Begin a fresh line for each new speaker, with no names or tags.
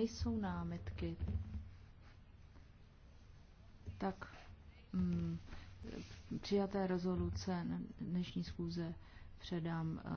nejsou námitky, tak mm, přijaté rezoluce dnešní schůze předám
eh,